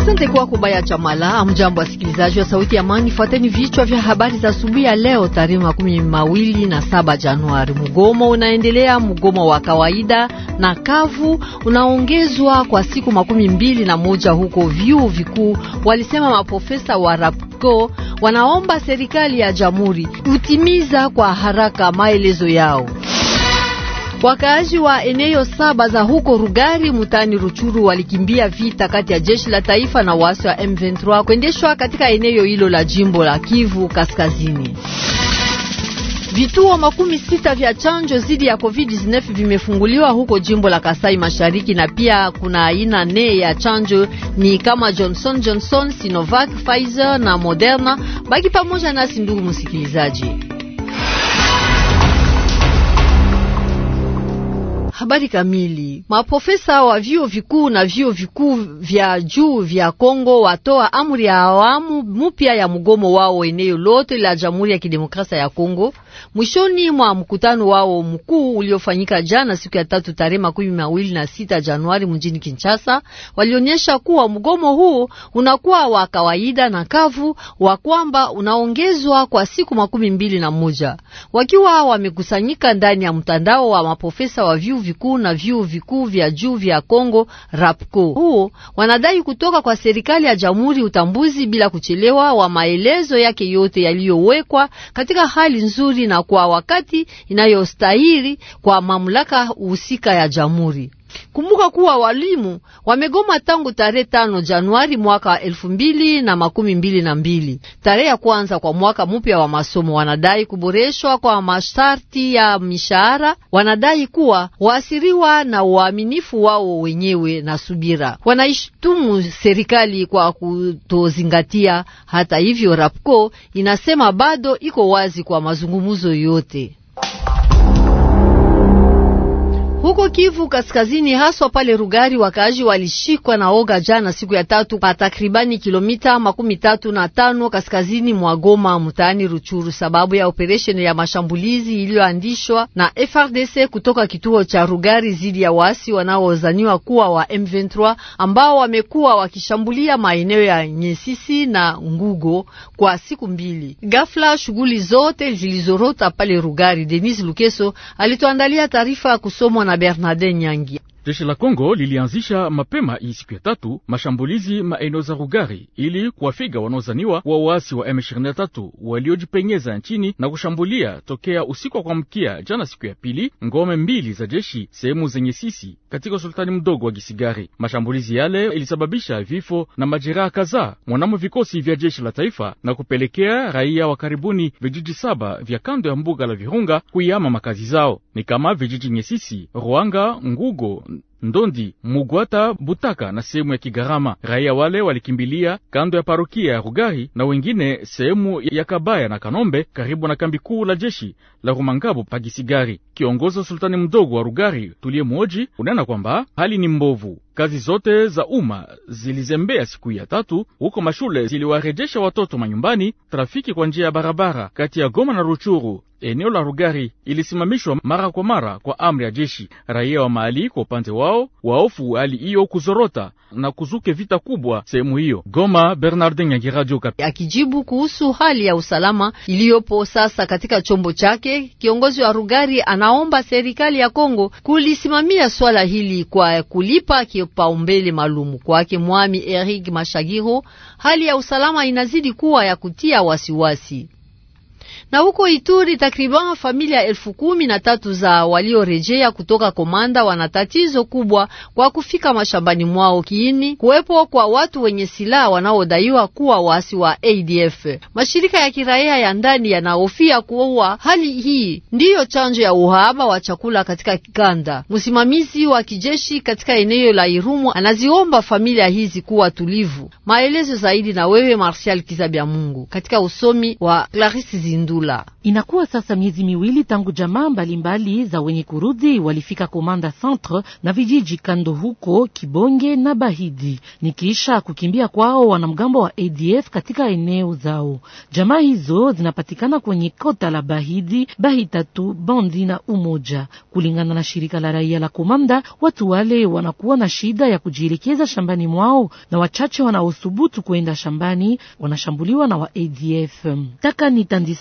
Asante kwa kubaya chamala. Amjambo wasikilizaji wa sauti ya Amani, fuateni vichwa vya habari za asubuhi ya leo tarehe makumi mawili na saba Januari. Mgomo unaendelea, mgomo wa kawaida na kavu unaongezwa kwa siku makumi mbili na moja huko vyuo vikuu, walisema maprofesa wa RAPCO. Wanaomba serikali ya jamhuri kutimiza kwa haraka maelezo yao. Wakaaji wa eneo saba za huko Rugari mutani Ruchuru walikimbia vita kati ya jeshi la taifa na waasi wa M23 kuendeshwa katika eneo hilo la jimbo la Kivu Kaskazini. Vituo makumi sita vya chanjo dhidi ya COVID-19 vimefunguliwa huko jimbo la Kasai Mashariki na pia kuna aina nne ya chanjo ni kama Johnson Johnson, Sinovac, Pfizer na Moderna. Baki pamoja nasi ndugu msikilizaji. Habari kamili. Maprofesa wa vyuo vikuu na vyuo vikuu vya juu vya Kongo watoa amri ya awamu mpya ya mgomo wao eneo lote la Jamhuri ya Kidemokrasia ya Kongo mwishoni mwa mkutano wao mkuu uliofanyika jana siku ya tatu tarehe makumi mawili na sita Januari mjini Kinshasa. Walionyesha kuwa mgomo huu unakuwa wa kawaida na kavu wa kwamba unaongezwa kwa siku makumi mbili na moja wakiwa wamekusanyika ndani ya mtandao wa maprofesa wa vyuo vikuu na vyuo vikuu vya juu vya Kongo RAPCO. Huo wanadai kutoka kwa serikali ya jamhuri utambuzi bila kuchelewa wa maelezo yake yote yaliyowekwa katika hali nzuri na kwa wakati inayostahili kwa mamlaka husika ya jamhuri. Kumbuka kuwa walimu wamegoma tangu tarehe tano Januari mwaka elfu mbili na makumi mbili na mbili, tarehe ya kwanza kwa mwaka mpya wa masomo. Wanadai kuboreshwa kwa masharti ya mishahara, wanadai kuwa waasiriwa na uaminifu wao wenyewe na subira. Wanaishtumu serikali kwa kutozingatia. Hata hivyo, Rapco inasema bado iko wazi kwa mazungumzo yote. Huko Kivu Kaskazini, haswa pale Rugari, wakaaji walishikwa na oga jana siku ya tatu pa takribani kilomita makumi tatu na tano kaskazini mwa Goma mtaani Ruchuru, sababu ya operesheni ya mashambulizi iliyoandishwa na FRDC kutoka kituo cha Rugari zidi ya waasi wanaozaniwa kuwa wa M23 ambao wamekuwa wakishambulia maeneo ya Nyesisi na Ngugo kwa siku mbili. Ghafla shughuli zote zilizorota pale Rugari. Denis Lukeso alituandalia taarifa ya kusomwa na Bernadette Nyangi Jeshi la Kongo lilianzisha mapema hii siku ya tatu mashambulizi maeneo za Rugari ili kuwafiga wanaozaniwa wa waasi wa M23 waliojipenyeza nchini na kushambulia tokea usiku wa kuamkia jana siku ya pili ngome mbili za jeshi sehemu zenye sisi katika usultani mdogo wa Gisigari. Mashambulizi yale ilisababisha vifo na majeraha kadhaa mwanamo vikosi vya jeshi la taifa na kupelekea raia wa karibuni vijiji saba vya kando ya mbuga la Virunga kuiama makazi zao, ni kama vijiji Nyesisi, Ruanga, Ngugo Ndondi, Mugwata, Butaka na sehemu ya Kigarama. Raia wale walikimbilia kando ya parokia ya Rugari na wengine sehemu ya Kabaya na Kanombe karibu na kambi kuu la jeshi la Rumangabo Pagisigari. Kiongozi wa sultani mdogo wa Rugari tuliye mwoji unena kwamba hali ni mbovu. Kazi zote za umma zilizembea siku ya tatu huko, mashule ziliwarejesha watoto manyumbani, trafiki kwa njia ya barabara kati ya Goma na Ruchuru eneo la Rugari ilisimamishwa mara kwa mara kwa amri ya jeshi. Raia wa mahali kwa upande wao waofu hali hiyo kuzorota na kuzuke vita kubwa sehemu hiyo. Goma, Bernardin Nyangi, Radio Okapi. Akijibu kuhusu hali ya usalama iliyopo sasa katika chombo chake, kiongozi wa Rugari anaomba serikali ya Kongo kulisimamia swala hili kwa kulipa kipaumbele malumu kwake. Mwami Eric Mashagiro, hali ya usalama inazidi kuwa ya kutia wasiwasi wasi. Na huko Ituri takriban familia elfu kumi na tatu za waliorejea kutoka Komanda wana tatizo kubwa kwa kufika mashambani mwao kiini kuwepo kwa watu wenye silaha wanaodaiwa kuwa waasi wa ADF. Mashirika ya kiraia ya ndani yanahofia kuwa hali hii ndiyo chanjo ya uhaba wa chakula katika kikanda. Msimamizi wa kijeshi katika eneo la Irumu anaziomba familia hizi kuwa tulivu. Maelezo zaidi na wewe Martial Kizabya Mungu katika usomi wa Clarisse Rose Inakuwa sasa miezi miwili tangu jamaa mbalimbali za wenye kurudi walifika Komanda Centre na vijiji kando huko Kibonge na Bahidi, nikiisha kukimbia kwao wanamgambo wa ADF katika eneo zao. Jamaa hizo zinapatikana kwenye kota la Bahidi, Bahitatu, Bondi na Umoja. Kulingana na shirika la raia la Komanda, watu wale wanakuwa na shida ya kujielekeza shambani mwao na wachache wanaosubutu kuenda shambani wanashambuliwa na wa ADF. Taka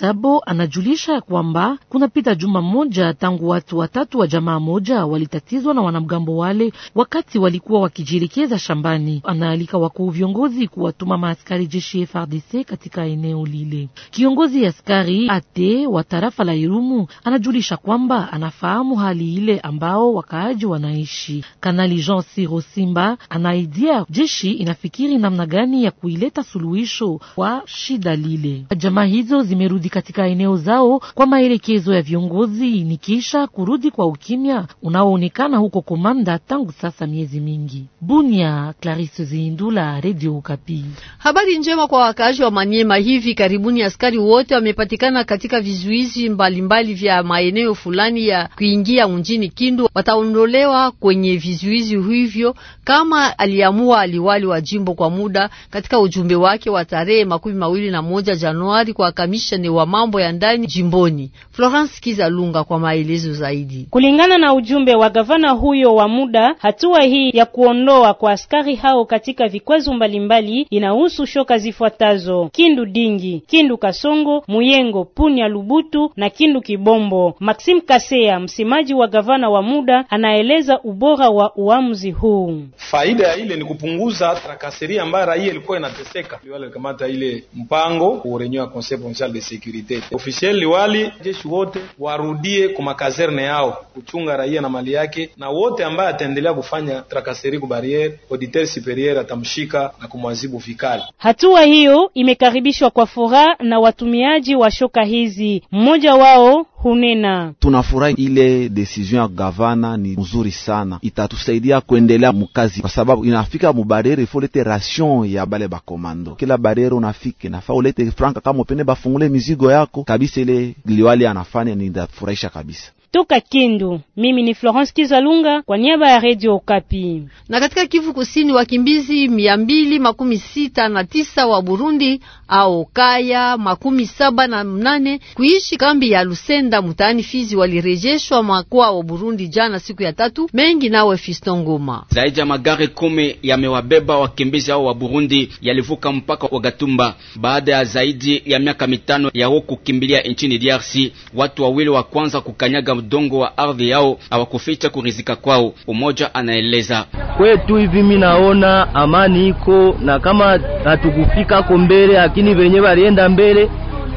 Sabo anajulisha kwamba kunapita juma moja tangu watu watatu wa jamaa moja walitatizwa na wanamgambo wale wakati walikuwa wakijielekeza shambani. Anaalika wakuu viongozi kuwatuma maaskari jeshi FRDC katika eneo lile. Kiongozi askari ate wa tarafa la Irumu anajulisha kwamba anafahamu hali ile ambao wakaaji wanaishi. Kanali Jean Siro Simba anaidia jeshi inafikiri namna gani ya kuileta suluhisho kwa shida lile. Jamaa hizo zimerudi katika eneo zao kwa maelekezo ya viongozi, ni kisha kurudi kwa ukimya unaoonekana huko Komanda tangu sasa miezi mingi. Bunia, Clarisse Zindula, Radio Okapi. Habari njema kwa wakazi wa Manyema. Hivi karibuni askari wote wamepatikana katika vizuizi mbalimbali vya maeneo fulani ya kuingia mjini Kindu, wataondolewa kwenye vizuizi hivyo kama aliamua aliwali wa jimbo kwa muda katika ujumbe wake wa tarehe makumi mawili na moja Januari kwa kamishani wa mambo ya ndani jimboni. Florence Kizalunga kwa maelezo zaidi. Kulingana na ujumbe wa gavana huyo wa muda, hatua hii ya kuondoa kwa askari hao katika vikwazo mbalimbali inahusu shoka zifuatazo: Kindu Dingi, Kindu Kasongo, Muyengo, Punya, Lubutu na Kindu Kibombo. Maxim Kasea, msemaji wa gavana wa muda, anaeleza ubora wa uamuzi huu. Faida ya ile ni kupunguza trakaseria ambayo raia ilikuwa inateseka. Wale kamata ile mpango kurenewa concept de security securite. Officiel liwali, jeshi wote warudie kwa makazerne yao kuchunga raia na mali yake, na wote ambaye ataendelea kufanya trakaseri ku barriere, auditeur superieur atamshika na kumwazibu vikali. Hatua hiyo imekaribishwa kwa furaha na watumiaji wa shoka hizi, mmoja wao hunena. Tunafurahi ile desizion ya gavana ni mzuri sana, itatusaidia kuendelea mukazi, kwa sababu inafika mubarere ifo ulete ration ya bale bakomando. Kila barere unafike nafaa ulete franka, kama upende bafungule mizigo yako kabisa. Ile liwali anafanya ni ndafurahisha kabisa toka Kindu. Mimi ni Florence Kizalunga kwa niaba ya Radio Okapi. Na katika Kivu Kusini, wakimbizi mia mbili makumi sita na tisa wa Burundi au kaya makumi saba na mnane kuishi kambi ya Lusenda mtaani Fizi walirejeshwa mwakwao wa Burundi jana siku ya tatu. Mengi nawe Fiston Ngoma. Zaidi ya magari kumi yamewabeba wakimbizi hao wa Burundi yalivuka mpaka wa Gatumba baada ya zaidi ya miaka mitano yao kukimbilia nchini DRC. Watu wawili wa kwanza kukanyaga udongo wa ardhi yao, hawakuficha kurizika kwao. Umoja anaeleza kwetu hivi, mimi naona amani iko na kama hatukufikako mbele, lakini venye walienda mbele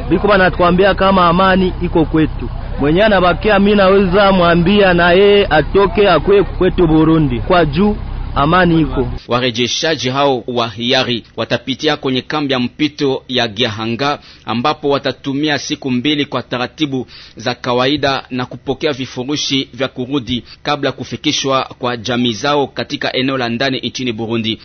biko banatukwambia kama amani iko kwetu mwenye anabakia, mi naweza mwambia na yeye atoke akwe kwetu Burundi kwa juu amani iko. Warejeshaji hao wa hiari watapitia kwenye kambi ya mpito ya Gihanga ambapo watatumia siku mbili kwa taratibu za kawaida na kupokea vifurushi vya kurudi kabla kufikishwa kwa jamii zao katika eneo la ndani nchini Burundi.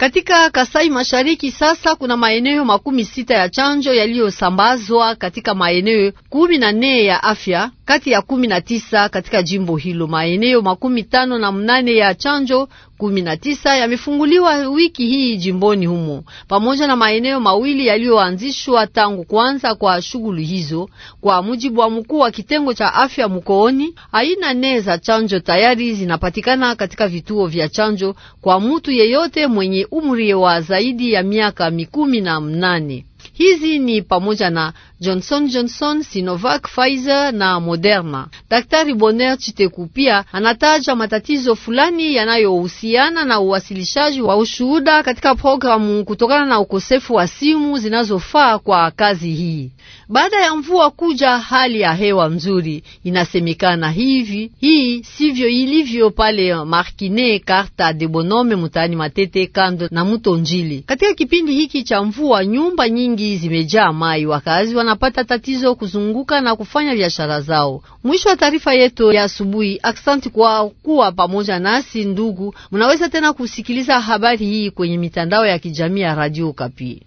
Katika Kasai Mashariki sasa kuna maeneo makumi sita ya chanjo yaliyosambazwa katika maeneo kumi na nne ya afya kati ya kumi na tisa katika jimbo hilo. Maeneo makumi tano na mnane ya chanjo kumi na tisa yamefunguliwa wiki hii jimboni humo, pamoja na maeneo mawili yaliyoanzishwa tangu kuanza kwa shughuli hizo. Kwa mujibu wa mkuu wa kitengo cha afya mkooni, aina nne za chanjo tayari zinapatikana katika vituo vya chanjo kwa mtu yeyote mwenye umri wa zaidi ya miaka mikumi na mnane. Hizi ni pamoja na Johnson Johnson, Sinovac, Pfizer na Moderna. Daktari Bonner Chiteku pia anataja matatizo fulani yanayohusiana na uwasilishaji wa ushuhuda katika programu kutokana na ukosefu wa simu zinazofaa kwa kazi hii. Baada ya mvua kuja, hali ya hewa nzuri inasemekana hivi. Hii sivyo ilivyo pale Markine Karta de Bonome mutani Matete kando na mto Njili. Katika kipindi hiki cha mvua, nyumba nyingi zimejaa mai, wakazi wana wanapata tatizo kuzunguka na kufanya biashara zao. Mwisho wa taarifa yetu ya asubuhi. Aksanti kwa kuwa pamoja nasi ndugu, mnaweza tena kusikiliza habari hii kwenye mitandao ya kijamii ya Radio Kapi.